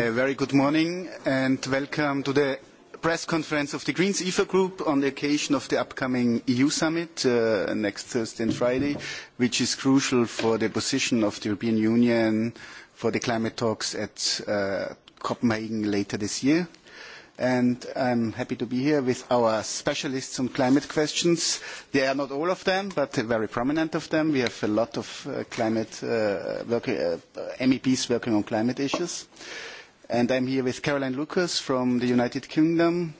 A very good morning and welcome to the press conference of the Greens EFA Group on the occasion of the upcoming EU summit uh, next Thursday and Friday, which is crucial for the position of the European Union for the climate talks at uh, Copenhagen later this year. And I'm happy to be here with our specialists on climate questions. They are not all of them, but very prominent of them. We have a lot of uh, climate uh, work, uh, MEPs working on climate issues. Uh, And I'm here with Caroline Lucas from the United Kingdom,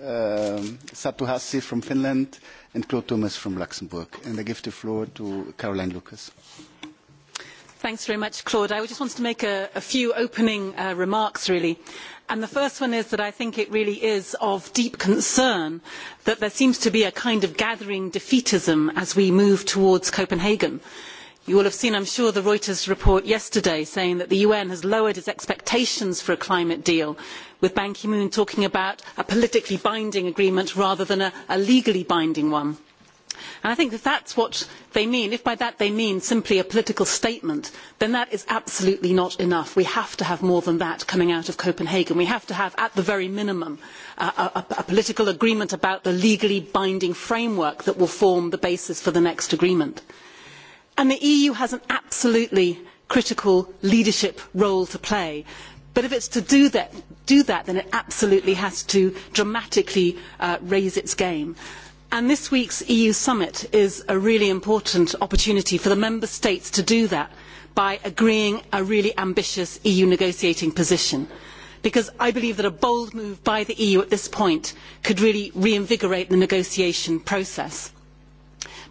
uh, Satu Hassi from Finland, and Claude Thomas from Luxembourg. And I give the floor to Caroline Lucas. Thanks very much, Claude. I just wanted to make a, a few opening uh, remarks, really. And the first one is that I think it really is of deep concern that there seems to be a kind of gathering defeatism as we move towards Copenhagen. Uh, you will have seen i am sure the reuters report yesterday saying that the un has lowered its expectations for a climate deal with ban ki moon talking about a politically binding agreement rather than a, a legally binding one. And i think if that is what they mean if by that they mean simply a political statement then that is absolutely not enough. we have to have more than that coming out of copenhagen. we have to have at the very minimum a, a, a political agreement about the legally binding framework that will form the basis for the next agreement and the eu has an absolutely critical leadership role to play but if it is to do that, do that then it absolutely has to dramatically uh, raise its game. And this week's EU summit is a really important opportunity for the member states to do that by agreeing a really ambitious EU negotiating position. Because I believe that a bold move by the EU at this point could really reinvigorate the negotiation process.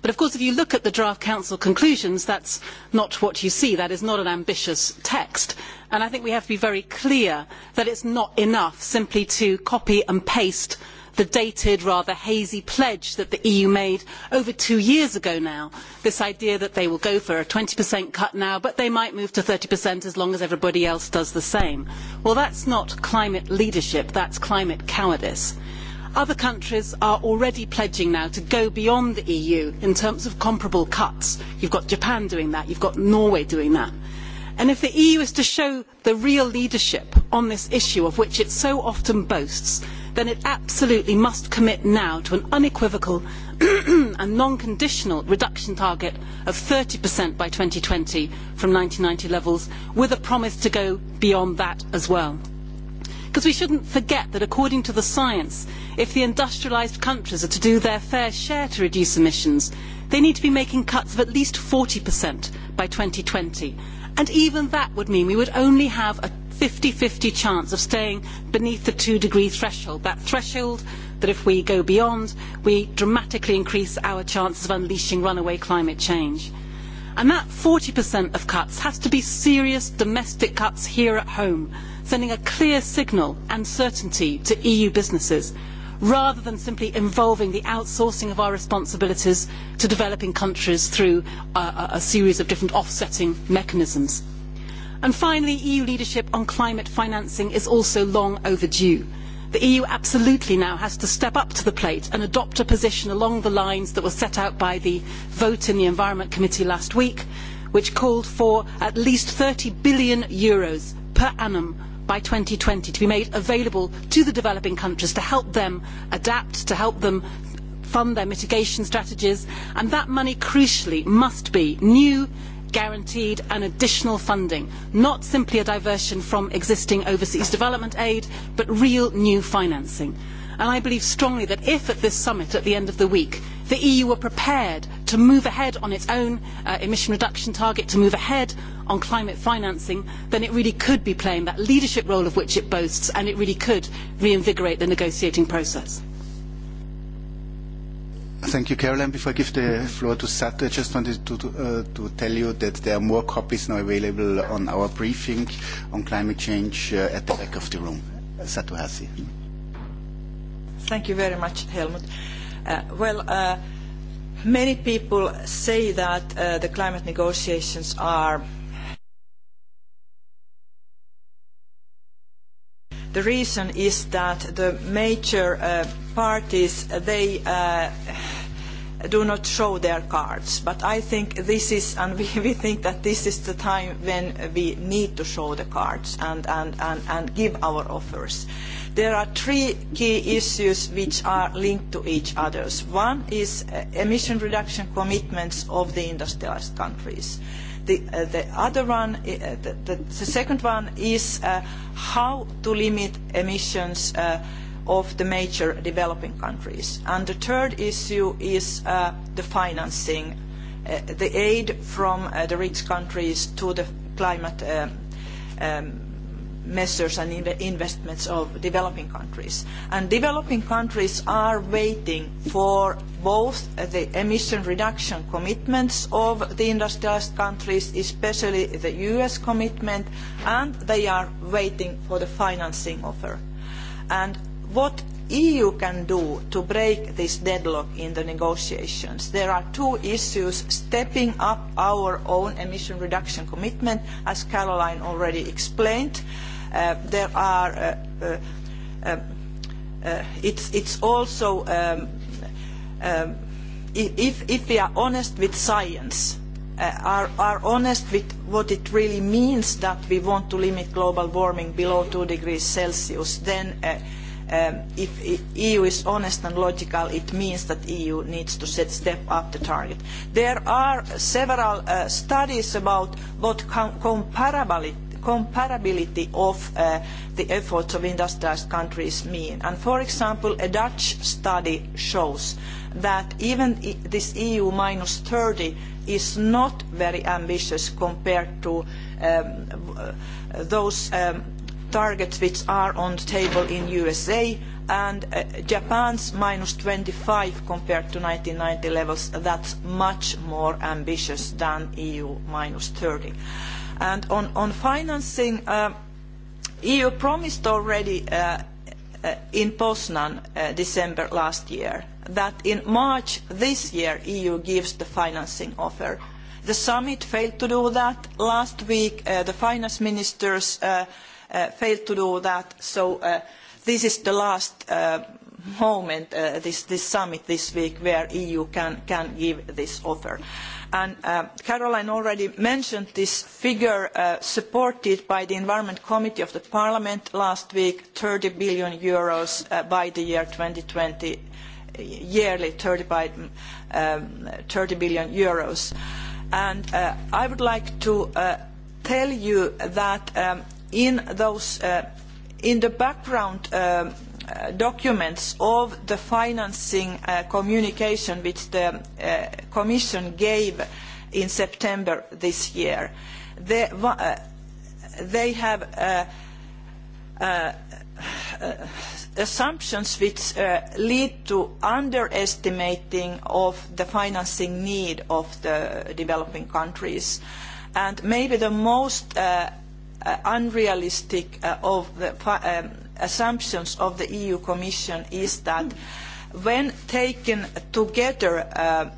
But of course, if you look at the draft council conclusions, that's not what you see. That is not an ambitious text. And I think we have to be very clear that it's not enough simply to copy and paste the dated, rather hazy pledge that the EU made over two years ago now. This idea that they will go for a 20% cut now, but they might move to 30% as long as everybody else does the same. Well, that's not climate leadership, that's climate cowardice. Other countries are already pledging now to go beyond the EU in terms of comparable cuts. You've got Japan doing that, you've got Norway doing that. And if the EU is to show the real leadership on this issue of which it so often boasts, then it absolutely must commit now to an unequivocal and non-conditional reduction target of 30% by 2020 from 1990 levels, with a promise to go beyond that as well. Because we shouldn't forget that according to the science, if the industrialised countries are to do their fair share to reduce emissions, they need to be making cuts of at least 40% by 2020. And even that would mean we would only have a 50-50 chance of staying beneath the two degree threshold, that threshold that if we go beyond, we dramatically increase our chances of unleashing runaway climate change. And that 40% of cuts has to be serious domestic cuts here at home sending a clear signal and certainty to EU businesses, rather than simply involving the outsourcing of our responsibilities to developing countries through uh, a, a series of different offsetting mechanisms. And finally, EU leadership on climate financing is also long overdue. The EU absolutely now has to step up to the plate and adopt a position along the lines that were set out by the vote in the Environment Committee last week, which called for at least 30 billion euros per annum by 2020 to be made available to the developing countries to help them adapt, to help them fund their mitigation strategies. And that money, crucially, must be new, guaranteed and additional funding, not simply a diversion from existing overseas development aid, but real new financing. And I believe strongly that if at this summit at the end of the week the EU were prepared to move ahead on its own uh, emission reduction target, to move ahead on climate financing, then it really could be playing that leadership role of which it boasts, and it really could reinvigorate the negotiating process. Thank you, Caroline. Before I give the floor to Sato, I just wanted to, to, uh, to tell you that there are more copies now available on our briefing on climate change uh, at the back of the room. Sato Hasi. Thank you very much, Helmut. Uh, well, uh, Many people say that uh, the climate negotiations are The reason is that the major uh, parties, they uh, do not show their cards. But I think this is, and we, we think that this is the time when we need to show the cards and, and, and, and give our offers there are three key issues which are linked to each other. One is uh, emission reduction commitments of the industrialized countries. The, uh, the other one, uh, the, the, the second one is uh, how to limit emissions uh, of the major developing countries. And the third issue is uh, the financing, uh, the aid from uh, the rich countries to the climate um, um, measures and in investments of developing countries. And developing countries are waiting for both the emission reduction commitments of the industrialized countries, especially the US commitment, and they are waiting for the financing offer. And what EU can do to break this deadlock in the negotiations. There are two issues, stepping up our own emission reduction commitment, as Caroline already explained, uh, Uh, there are, uh, uh, uh, uh, it's, it's also, um, um, if, if we are honest with science, uh, are, are honest with what it really means that we want to limit global warming below 2 degrees Celsius, then uh, um, if EU e is honest and logical, it means that EU needs to set step up the target. There are several uh, studies about what com comparability comparability of uh, the efforts of industrialized countries mean. And for example, a Dutch study shows that even e this EU minus 30 is not very ambitious compared to um, uh, those um, targets which are on the table in USA and uh, Japan's minus 25 compared to 1990 levels, that's much more ambitious than EU minus 30. And on, on financing, uh, um, EU promised already uh, uh, in Poznan uh, December last year that in March this year EU gives the financing offer. The summit failed to do that. Last week uh, the finance ministers uh, uh, failed to do that. So uh, this is the last uh, moment, uh, this, this summit this week, where EU can, can give this offer. Uh, And uh, Caroline already mentioned this figure uh, supported by the Environment Committee of the Parliament last week, 30 billion euros uh, by the year 2020, yearly 30, by, um, 30 um, billion euros. And uh, I would like to uh, tell you that um, in those, uh, in the background um, uh, documents of the financing uh, communication which the uh, Commission gave in September this year. They, uh, they have uh, uh, uh, assumptions which uh, lead to underestimating of the financing need of the developing countries. And maybe the most uh, uh, unrealistic uh, of the um, assumptions of the EU Commission is that when taken together uh,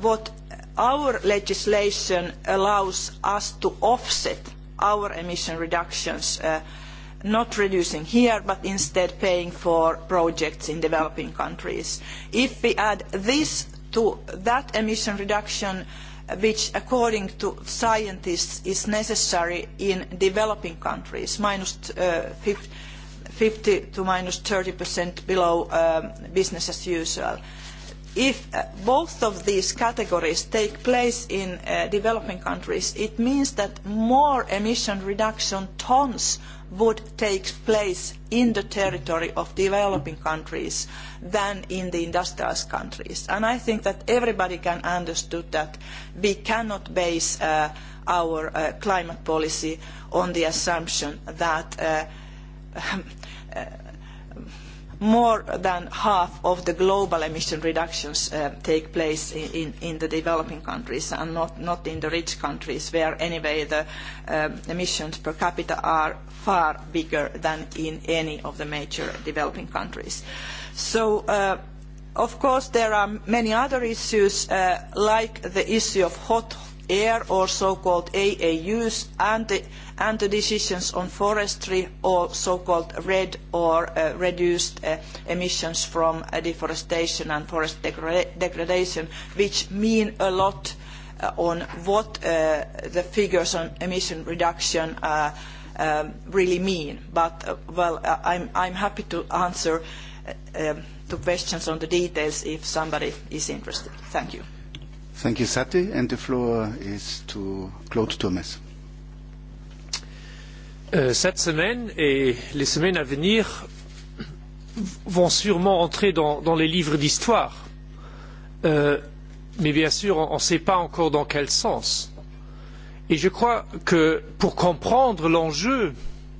what our legislation allows us to offset our emission reductions uh, not reducing here, but instead paying for projects in developing countries. If we add this to that emission reduction uh, which according to scientists is necessary in developing countries, minus uh, 50, 50 to minus 30% below um, business as usual. Uh, if uh, both of these categories take place in uh, developing countries, it means that more emission reduction tons would take place in the territory of developing countries than in the industrialized countries. And I think that everybody can understood that we cannot base uh, our uh, climate policy on the assumption that uh, uh, more than half of the global emission reductions uh, take place in, in the developing countries and not, not in the rich countries where anyway the um, emissions per capita are far bigger than in any of the major developing countries. So uh, of course there are many other issues uh, like the issue of hot air or so-called AAUs and the, and the decisions on forestry or so-called red or uh, reduced uh, emissions from uh, deforestation and forest degra degradation, which mean a lot uh, on what uh, the figures on emission reduction uh, um, really mean. But, uh, well, uh, I'm, I'm happy to answer uh, um, to questions on the details if somebody is interested. Thank you. Thank you, Sati. And the floor is to Claude Thomas. Euh, cette semaine et les semaines à venir vont sûrement entrer dans, dans les livres d'histoire. Euh, mais bien sûr, on ne sait pas encore dans quel sens. Et je crois que pour comprendre l'enjeu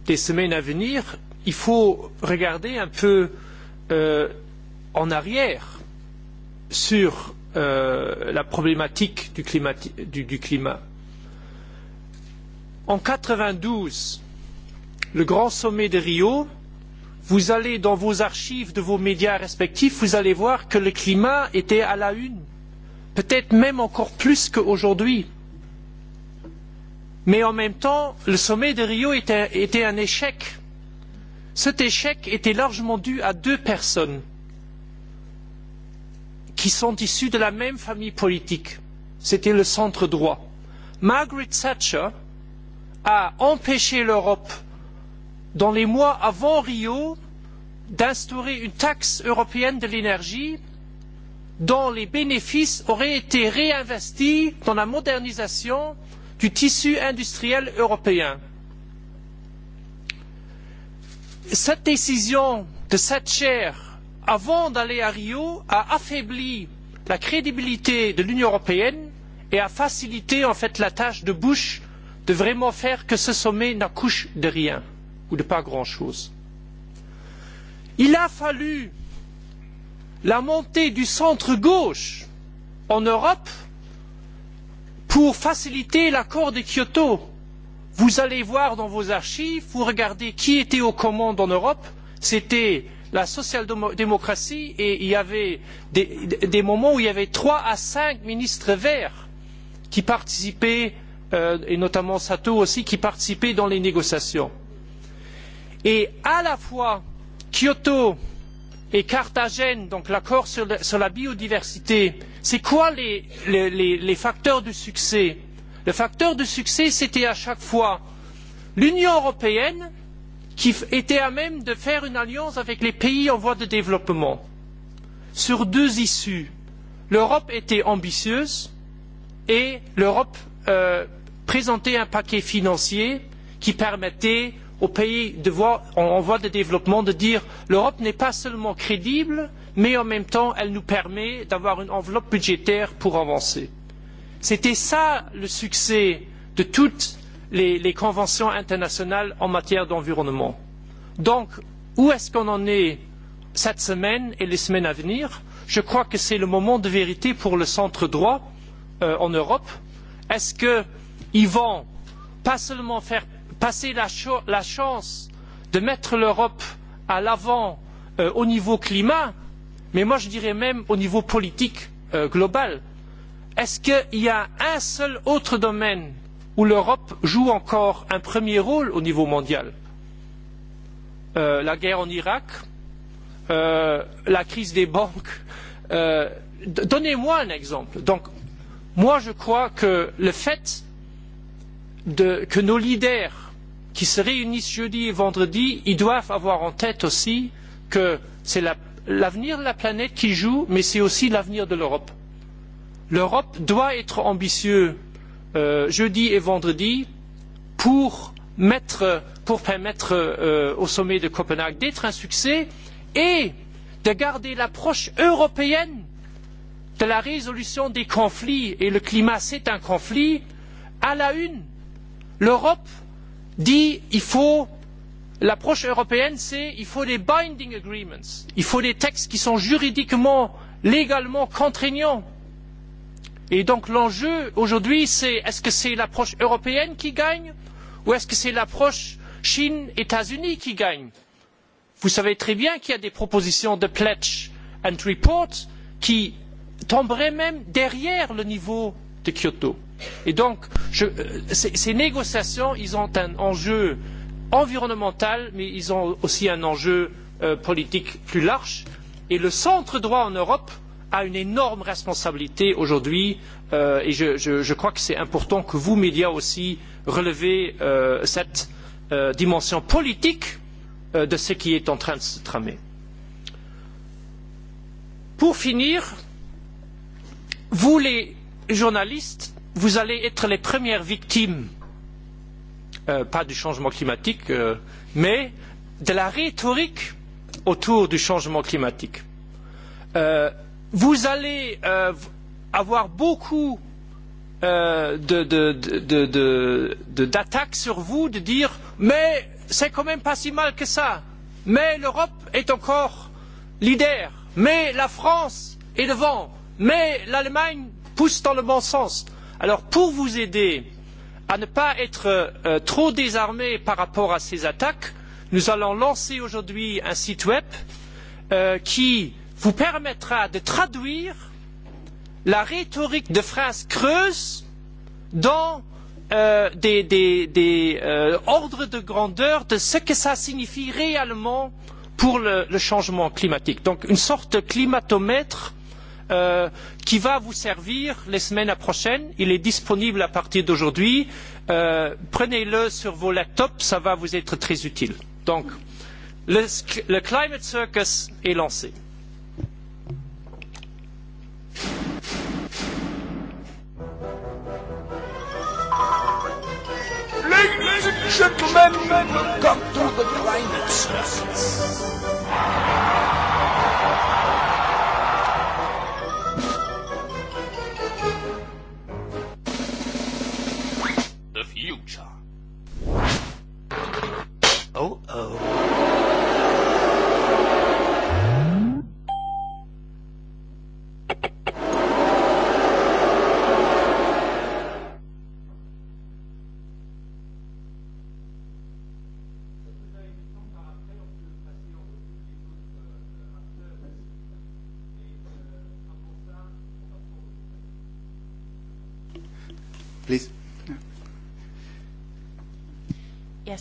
des semaines à venir, il faut regarder un peu euh, en arrière sur euh, la problématique du, climati, du, du climat. En 92, le grand sommet de Rio, vous allez dans vos archives de vos médias respectifs, vous allez voir que le climat était à la une, peut-être même encore plus qu'aujourd'hui. Mais en même temps, le sommet de Rio était, était un échec. Cet échec était largement dû à deux personnes qui sont issus de la même famille politique. C'était le centre droit. Margaret Thatcher a empêché l'Europe, dans les mois avant Rio, d'instaurer une taxe européenne de l'énergie dont les bénéfices auraient été réinvestis dans la modernisation du tissu industriel européen. Cette décision de Thatcher avant d'aller à Rio, a affaibli la crédibilité de l'Union européenne et a facilité en fait la tâche de Bush de vraiment faire que ce sommet n'accouche de rien ou de pas grand chose. Il a fallu la montée du centre gauche en Europe pour faciliter l'accord de Kyoto. Vous allez voir dans vos archives, vous regardez qui était aux commandes en Europe, c'était la social-démocratie et il y avait des, des moments où il y avait trois à cinq ministres verts qui participaient, euh, et notamment Sato aussi, qui participaient dans les négociations. Et à la fois Kyoto et Carthagène, donc l'accord sur, la, sur la biodiversité, c'est quoi les, les, les, les facteurs du succès Le facteur de succès, c'était à chaque fois l'Union européenne qui était à même de faire une alliance avec les pays en voie de développement sur deux issues. L'Europe était ambitieuse et l'Europe euh, présentait un paquet financier qui permettait aux pays de voie, en voie de développement de dire l'Europe n'est pas seulement crédible, mais en même temps elle nous permet d'avoir une enveloppe budgétaire pour avancer. C'était ça le succès de toute les, les conventions internationales en matière d'environnement. Donc, où est-ce qu'on en est cette semaine et les semaines à venir Je crois que c'est le moment de vérité pour le centre droit euh, en Europe. Est-ce qu'ils vont pas seulement faire passer la, ch la chance de mettre l'Europe à l'avant euh, au niveau climat, mais moi je dirais même au niveau politique euh, global Est-ce qu'il y a un seul autre domaine où l'Europe joue encore un premier rôle au niveau mondial. Euh, la guerre en Irak, euh, la crise des banques. Euh, Donnez-moi un exemple. Donc, moi, je crois que le fait de, que nos leaders qui se réunissent jeudi et vendredi, ils doivent avoir en tête aussi que c'est l'avenir la, de la planète qui joue, mais c'est aussi l'avenir de l'Europe. L'Europe doit être ambitieuse euh, jeudi et vendredi pour, mettre, pour permettre euh, au sommet de Copenhague d'être un succès et de garder l'approche européenne de la résolution des conflits et le climat c'est un conflit à la une. L'Europe dit il faut l'approche européenne c'est il faut des binding agreements, il faut des textes qui sont juridiquement, légalement contraignants Et donc l'enjeu aujourd'hui, c'est est-ce que c'est l'approche européenne qui gagne ou est-ce que c'est l'approche Chine-États-Unis qui gagne Vous savez très bien qu'il y a des propositions de pledge and report qui tomberaient même derrière le niveau de Kyoto. Et donc je, euh, ces, ces négociations, ils ont un enjeu environnemental, mais ils ont aussi un enjeu euh, politique plus large. Et le centre droit en Europe, a une énorme responsabilité aujourd'hui euh, et je, je, je crois que c'est important que vous, médias aussi, relevez euh, cette euh, dimension politique euh, de ce qui est en train de se tramer. Pour finir, vous les journalistes, vous allez être les premières victimes, euh, pas du changement climatique, euh, mais de la rhétorique autour du changement climatique. Euh, vous allez euh, avoir beaucoup euh, d'attaques de, de, de, de, de, sur vous de dire mais c'est quand même pas si mal que ça, mais l'Europe est encore leader, mais la France est devant, mais l'Allemagne pousse dans le bon sens. Alors pour vous aider à ne pas être euh, trop désarmé par rapport à ces attaques, nous allons lancer aujourd'hui un site web euh, qui euh, vous permettra de traduire la rhétorique de phrases creuses dans euh, des, des, des euh, ordres de grandeur de ce que ça signifie réellement pour le, le changement climatique. Donc une sorte de climatomètre euh, qui va vous servir les semaines prochaines. Il est disponible à partir d'aujourd'hui. Euh, Prenez-le sur vos laptops, ça va vous être très utile. Donc le, le Climate Circus est lancé. Ladies and gentlemen, welcome to the climate.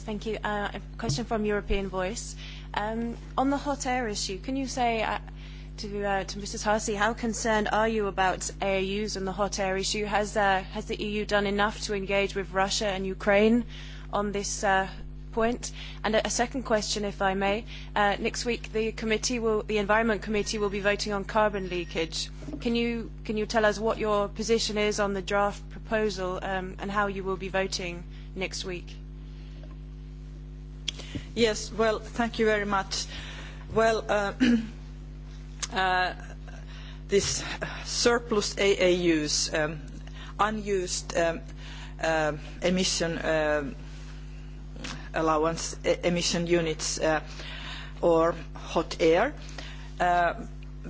thank you. Uh, a question from European Voice. Um, on the hot air issue, can you say uh, to, uh, to Mrs. Harsey, how concerned are you about AUs and the hot air issue? Has, uh, has the EU done enough to engage with Russia and Ukraine on this uh, point? And a, a second question, if I may. Uh, next week, the committee will, the Environment Committee will be voting on carbon leakage. Can you, can you tell us what your position is on the draft proposal um, and how you will be voting next week? Yes, well, thank you very much. Well, uh, uh, this surplus AAUs, um, unused um, uh, emission uh, allowance, e, emission units, uh, or hot air, uh,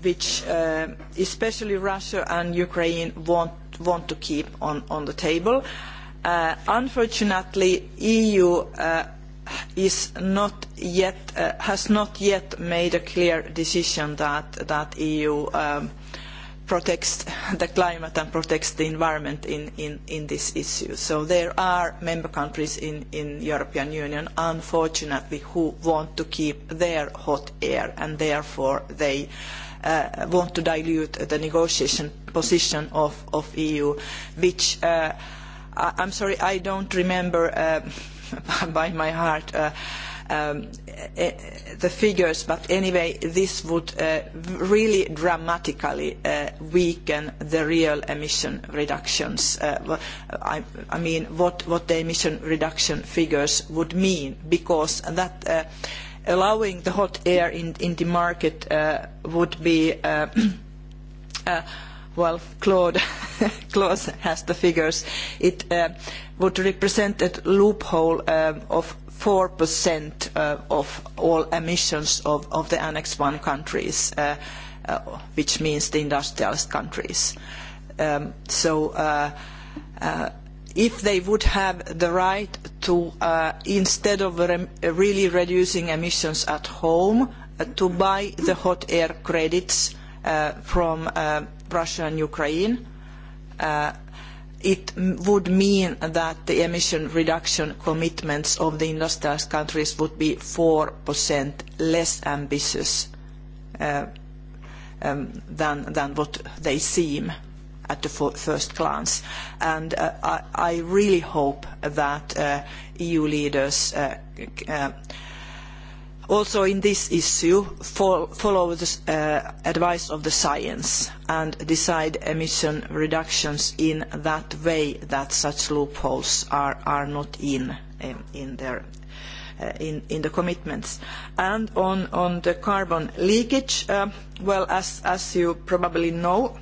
which especially Russia and Ukraine want, want to keep on, on the table. Unfortunately, EU is not yet, uh, has not yet made a clear decision that, that EU um, protects the climate and protects the environment in, in, in this issue. So there are member countries in, in European Union, unfortunately, who want to keep their hot air and therefore they uh, want to dilute the negotiation position of, of EU, which uh, I, I'm sorry, I don't remember uh, by my heart uh, um, eh, eh, the figures, but anyway, this would uh, really dramatically uh, weaken the real emission reductions. Uh, I, I mean, what, what the emission reduction figures would mean, because that uh, allowing the hot air in, in the market uh, would be, uh, uh, well, Claude. clause has the figures, it uh, would represent a loophole uh, of 4% uh, of all emissions of, of the Annex 1 countries, uh, uh, which means the industrialist countries. Um, so uh, uh, if they would have the right to, uh, instead of re really reducing emissions at home, uh, to buy the hot air credits uh, from uh, Russia and Ukraine, uh, it would mean that the emission reduction commitments of the industrialized countries would be 4% less ambitious uh, um, than, than what they seem at the first glance. And uh, I, I really hope that uh, EU leaders uh, uh, also in this issue fo follow the uh, advice of the science and decide emission reductions in that way that such loopholes are, are not in, in, in their uh, in, in the commitments. And on, on the carbon leakage, uh, well, as, as you probably know,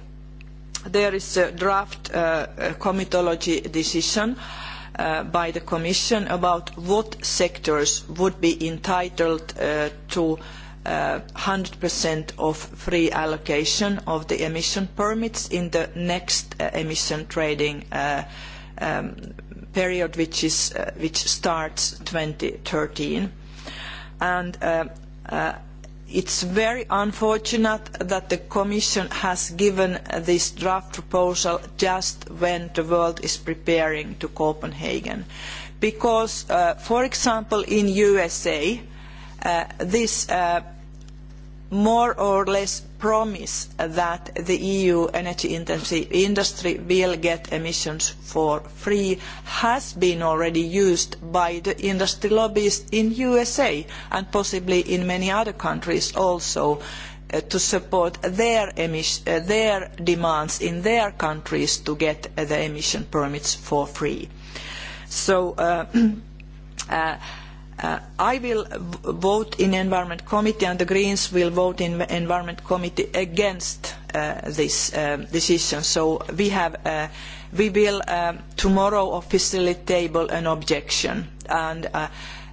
there is a draft uh, comitology decision uh, uh, by the Commission about what sectors would be entitled uh, to uh, 100% of free allocation of the emission permits in the next uh, emission trading uh, um, period, which, is, uh, which starts 2013. And uh, uh, it's very unfortunate that the Commission has given this draft proposal just when the world is preparing to Copenhagen. Because, uh, for example, in USA, uh, this uh, more or less promise that the EU energy intensive industry will get emissions for free has been already used by the industry lobbyists in USA and possibly in many other countries also uh, to support their, emis uh, their demands in their countries to get uh, the emission permits for free. So uh, uh, Uh, I will vote in Environment Committee and the Greens will vote in Environment Committee against uh, this uh, decision. So we, have, uh, we will uh, tomorrow officially table an objection. And uh,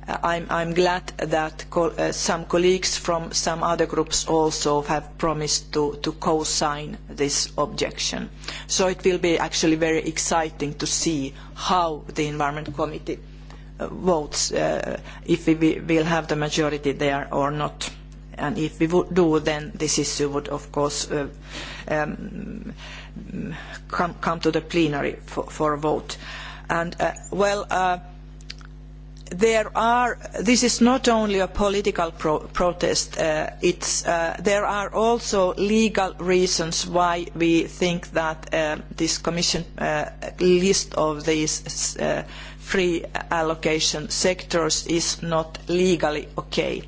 I'm, I'm glad that co uh, some colleagues from some other groups also have promised to, to co-sign this objection. So it will be actually very exciting to see how the Environment Committee votes uh, if we will have the majority there or not. And if we would do, then this issue would, of course, uh, um, come, come to the plenary for, for a vote. And, uh, well, uh, there are, this is not only a political pro protest, uh, it's, uh, there are also legal reasons why we think that uh, this Commission uh, list of these uh, free allocation sectors is not legally okay.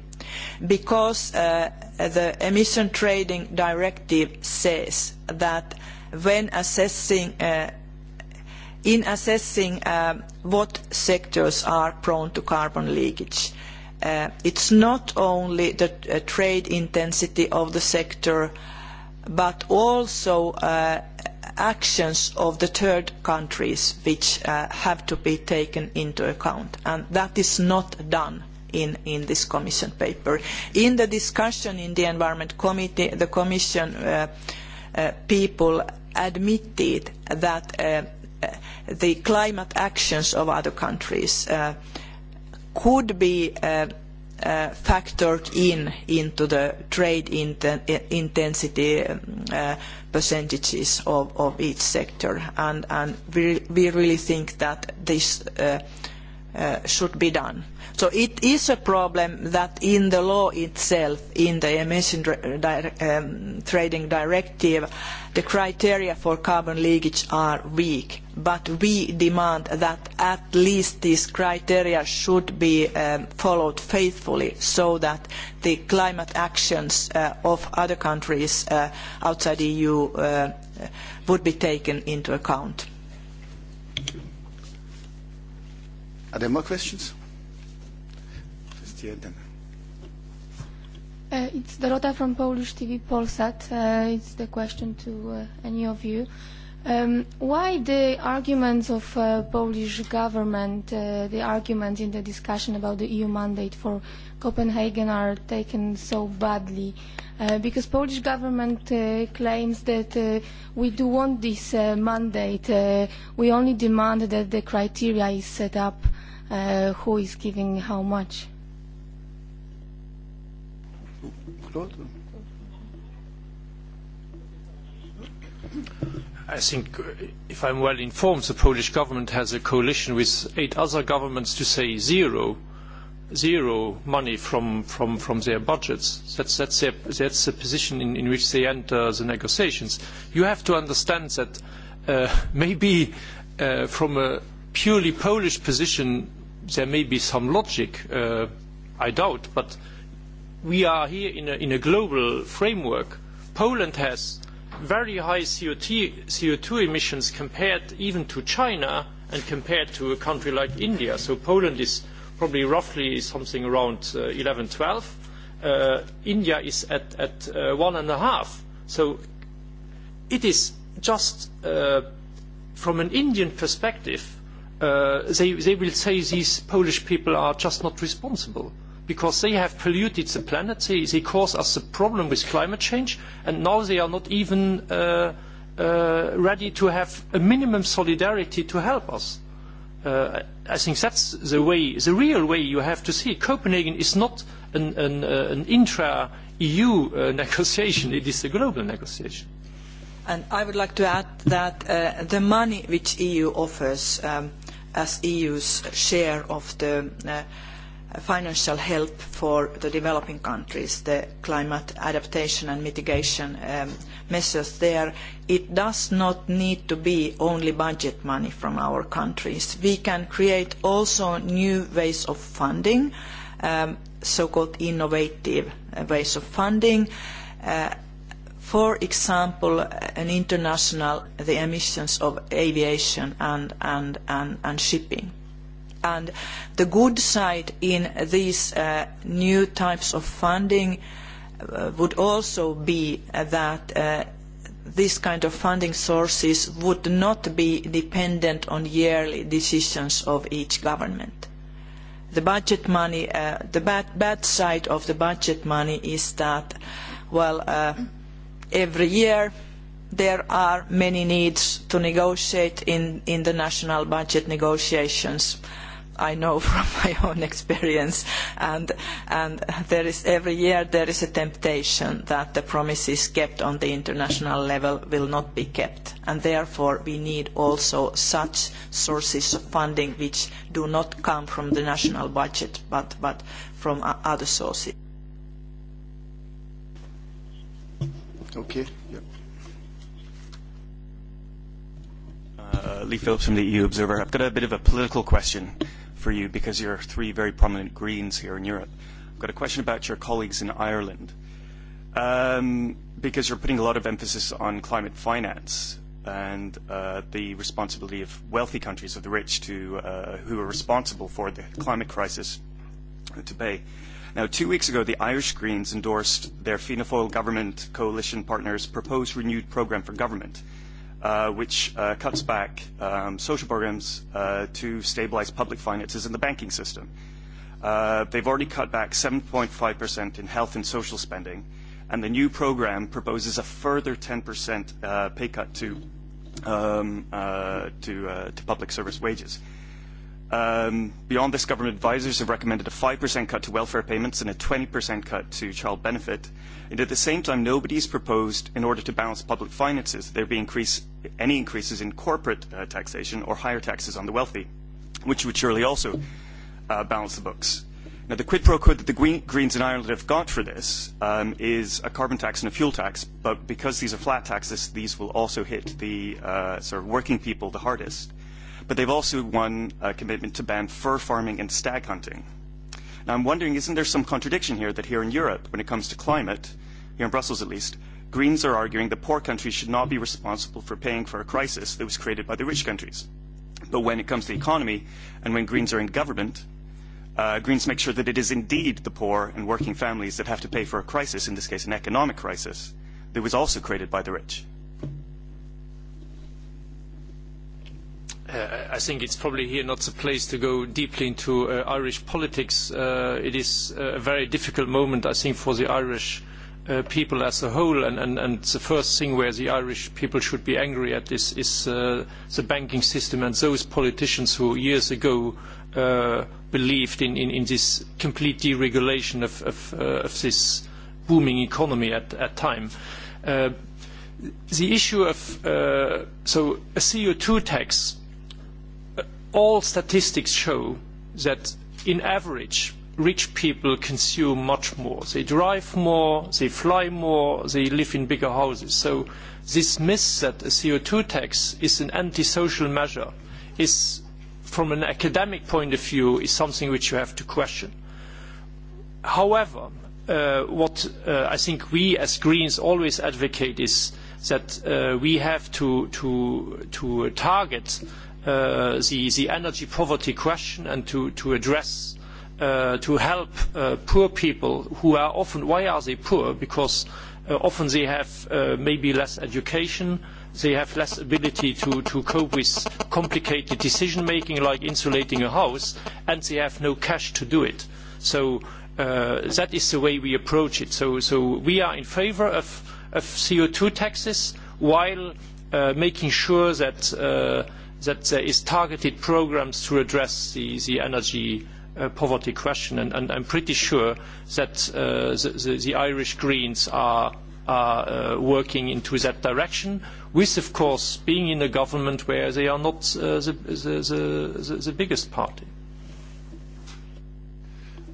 Because uh, the Emission Trading Directive says that when assessing uh, in assessing uh, what sectors are prone to carbon leakage. Uh, it's not only the uh, trade intensity of the sector, but also uh, actions of the third countries which uh, have to be taken into account. And that is not done in, in this Commission paper. In the discussion in the Environment Committee, the Commission uh, uh, people admitted that uh, Uh, the climate actions of other countries uh, could be uh, uh, factored in into the trade inten intensity um, uh, percentages of, of each sector. And, and we, we really think that this uh, Uh, should be done. So it is a problem that in the law itself, in the emission di um, trading directive, the criteria for carbon leakage are weak. But we demand that at least these criteria should be um, followed faithfully so that the climate actions uh, of other countries uh, outside the EU uh, would be taken into account. Are there more questions? Just here then. Uh, it's Dorota from Polish TV Polsat. Uh, it's the question to uh, any of you. Um, why the arguments of uh, Polish government, uh, the arguments in the discussion about the EU mandate for Copenhagen are taken so badly? Uh, uh, because Polish government uh, claims that uh, we do want this uh, mandate. Uh, we only demand that the criteria is set up, uh, who is giving how much. Claude? I think, uh, if I'm well informed, the Polish government has a coalition with eight other governments to say zero. Uh, zero money from, from, from their budgets. That's, that's, their, that's the position in, in which they enter the negotiations. You have to understand that uh, maybe uh, from a purely Polish position there may be some logic, uh, I doubt, but we are here in a, in a global framework. Poland has very high CO2, CO2 emissions compared even to China and compared to a country like India. So Poland is uh, probably roughly something around uh, 11, 12. Uh, India is at, at uh, one and a half. So it is just uh, from an Indian perspective, uh, they, they will say these Polish people are just not responsible because they have polluted the planet, they, they cause us a problem with climate change, and now they are not even uh, uh, ready to have a minimum solidarity to help us. Uh, uh, I think that's the way, the real way you have to see. Copenhagen is not an, an, uh, an intra-EU uh, negotiation, it is a global negotiation. And I would like to add that uh, the money which EU offers um, as EU's share of the uh, financial help for the developing countries, the climate adaptation and mitigation um, measures there, it does not need to be only budget money from our countries. We can create also new ways of funding, um, so-called innovative uh, ways of funding. Uh, for example, an international, the emissions of aviation and, and, and, and shipping. And the good side in these uh, new types of funding uh, Uh, would also be uh, that uh, this kind of funding sources would not be dependent on yearly decisions of each government. The budget money, uh, the bad, bad side of the budget money is that, well, uh, every year there are many needs to negotiate in, in the national budget negotiations. Uh, I know from my own experience. And, and there is, every year there is a temptation that the promises kept on the international level will not be kept. And therefore, we need also such sources of funding which do not come from the national budget, but, but from other sources. Okay. Yep. Uh, Lee Phillips from the EU Observer. I've got a bit of a political question for you because you're three very prominent Greens here in Europe. I've got a question about your colleagues in Ireland. Um, because you're putting a lot of emphasis on climate finance and uh, the responsibility of wealthy countries, of the rich, to uh, who are responsible for the climate crisis to pay. Now, two weeks ago, the Irish Greens endorsed their Fianna Fáil government coalition partners' proposed renewed programme for government – uh, which uh, cuts back um, social programs uh, to stabilize public finances in the banking system. Uh, they've already cut back 7.5% in health and social spending, and the new program proposes a further 10% uh, pay cut to, um, uh, to, uh, to public service wages. Um, beyond this, government advisors have recommended a 5% cut to welfare payments and a 20% cut to child benefit. And at the same time, nobody's proposed, in order to balance public finances, there be increase, any increases in corporate uh, taxation or higher taxes on the wealthy, which would surely also uh, balance the books. Now, the quid pro quo that the Green, Greens in Ireland have got for this um, is a carbon tax and a fuel tax, but because these are flat taxes, these will also hit the uh, sort of working people the hardest but they've also won a commitment to ban fur farming and stag hunting. Now, I'm wondering, isn't there some contradiction here that here in Europe, when it comes to climate, here in Brussels at least, Greens are arguing that poor countries should not be responsible for paying for a crisis that was created by the rich countries. But when it comes to the economy and when Greens are in government, uh, Greens make sure that it is indeed the poor and working families that have to pay for a crisis, in this case an economic crisis, that was also created by the rich. think it's probably here not the place to go deeply into uh, Irish politics. Uh, it is uh, a very difficult moment, I think, for the Irish uh, people as a whole, and, and, and the first thing where the Irish people should be angry at is, is uh, the banking system and those politicians who years ago uh, believed in, in, in this complete deregulation of, of, uh, of this booming economy at that time. Uh, the issue of uh, so a CO2 tax all statistics show that in average rich people consume much more. They drive more, they fly more, they live in bigger houses. So this myth that a CO2 tax is an antisocial measure is, from an academic point of view, is something which you have to question. However, uh, what uh, I think we as Greens always advocate is that uh, we have to, to, to target uh, uh, the, the energy poverty question and to, to address uh, to help uh, poor people who are often why are they poor because uh, often they have uh, maybe less education they have less ability to, to cope with complicated decision making like insulating a house and they have no cash to do it so uh, that is the way we approach it so so we are in favor of of CO2 taxes while uh, making sure that uh, that there is targeted programs to address the, the energy uh, poverty question, and, and I'm pretty sure that uh, the, the, the Irish Greens are, are uh, working into that direction, with, of course, being in a government where they are not uh, the, the, the, the biggest party.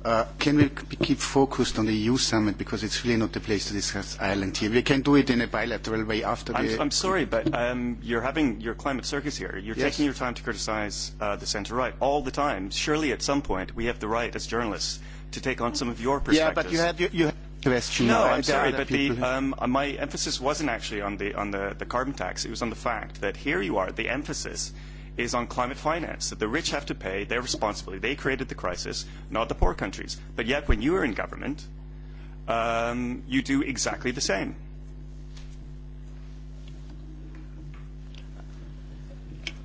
Uh, can we keep focused on the EU summit because it's really not the place to discuss Ireland here. We can do it in a bilateral way after. I'm, the I'm sorry, but um, you're having your climate circus here. You're yes. taking your time to criticize uh, the centre right all the time. Surely, at some point, we have the right as journalists to take on some of your perspectives. Yeah, but you had you. you question. No, I'm sorry, but the, um, uh, my emphasis wasn't actually on the on the, the carbon tax. It was on the fact that here you are. The emphasis is on climate finance, that the rich have to pay their responsibility. They created the crisis, not the poor countries. But yet, when you are in government, um, you do exactly the same.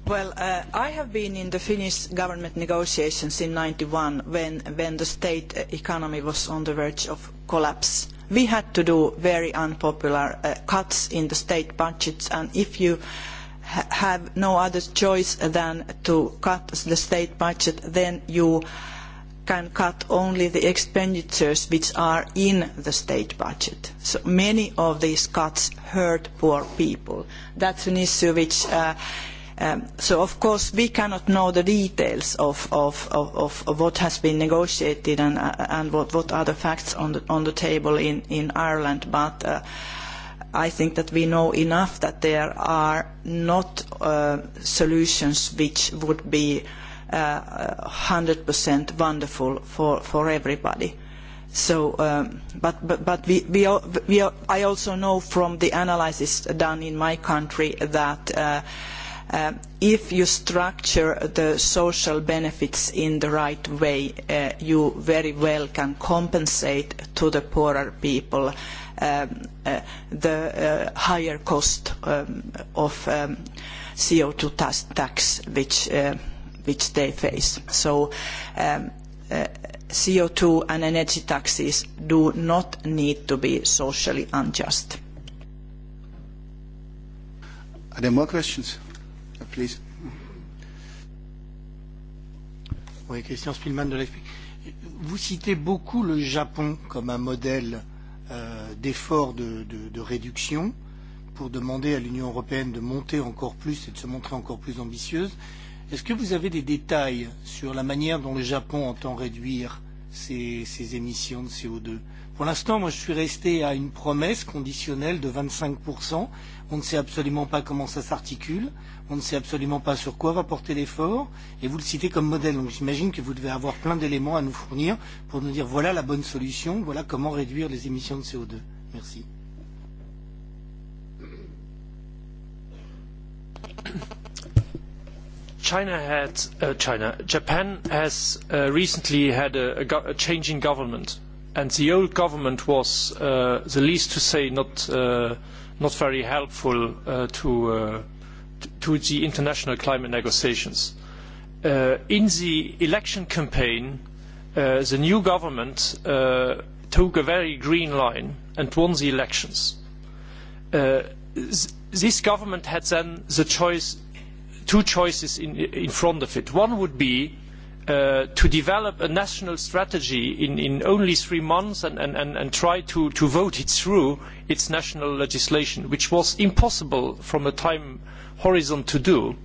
Well, uh, I have been in the Finnish government negotiations in 91 when, when the state economy was on the verge of collapse. We had to do very unpopular uh, cuts in the state budgets, and if you uh, ha have no other choice than to cut the state budget, then you can cut only the expenditures which are in the state budget. So many of these cuts hurt poor people. That's an issue which uh, Um, so of course we cannot know the details of, of, of, of what has been negotiated and, uh, and what, what are the facts on the, on the table in, in Ireland, but uh, I think that we know enough that there are not uh, solutions which would be uh, 100% uh, wonderful for, for everybody. So, um, but, but, but we, we, are, we are, I also know from the analysis done in my country that uh, uh, if you structure the social benefits in the right way, uh, you very well can compensate to the poorer people um, uh, the uh, higher cost um, of um, CO2 tax, tax which, uh, which they face. So um, uh, CO2 and energy taxes do not need to be socially unjust. Are there more questions? Uh, please. Oui, Christian Spielmann de l'AFP. Vous citez beaucoup le Japon comme un modèle euh, d'efforts de, de, de réduction pour demander à l'Union européenne de monter encore plus et de se montrer encore plus ambitieuse. Est-ce que vous avez des détails sur la manière dont le Japon entend réduire ses, ses émissions de CO2 euh, Pour l'instant, moi, je suis resté à une promesse conditionnelle de 25%. On ne sait absolument pas comment ça s'articule. On ne sait absolument pas sur quoi va porter l'effort. Et vous le citez comme modèle. Donc, j'imagine que vous devez avoir plein d'éléments à nous fournir pour nous dire voilà la bonne solution, voilà comment réduire les émissions de CO2. Merci. China had, uh, China, Japan has uh, recently had a, a, go a change in government and the old government was, uh, the least to say, not uh, not very helpful uh, to uh, to the international climate negotiations. Uh, in the election campaign, uh, the new government uh, took a very green line and won the elections. Uh, this government had then the choice, two choices in, in front of it. One would be uh, to develop a national strategy in, in only three months and, and, and, and try to, to vote it through its national legislation, which was impossible from a time horizon to do.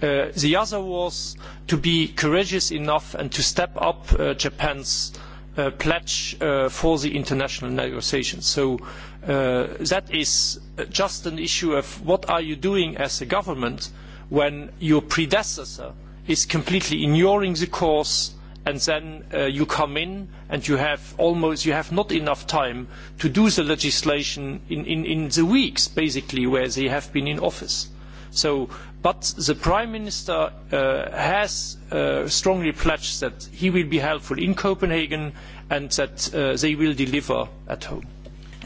Uh, the other was to be courageous enough and to step up uh, Japan's uh, pledge uh, for the international negotiations. So uh, that is just an issue of what are you doing as a government when your predecessor uh, is completely ignoring the course and then uh, you come in and you have almost you have not enough time to do the legislation in, in, in the weeks basically where they have been in office. So, but the Prime Minister uh, has uh, strongly pledged that he will be helpful in Copenhagen and that uh, they will deliver at home.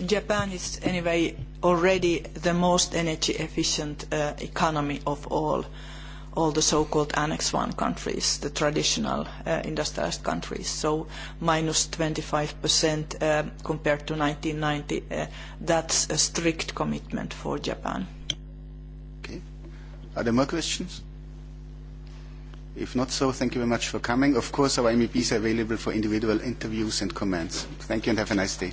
Japan is anyway already the most energy efficient uh, economy of all. Uh, all the so-called Annex 1 countries, the traditional uh, industrialized countries, so minus 25% uh, compared to 1990. Uh, that's a strict commitment for Japan. Okay. Are there more questions? If not so, thank you very much for coming. Of course, our MEPs are available for individual interviews and comments. Thank you and have a nice day.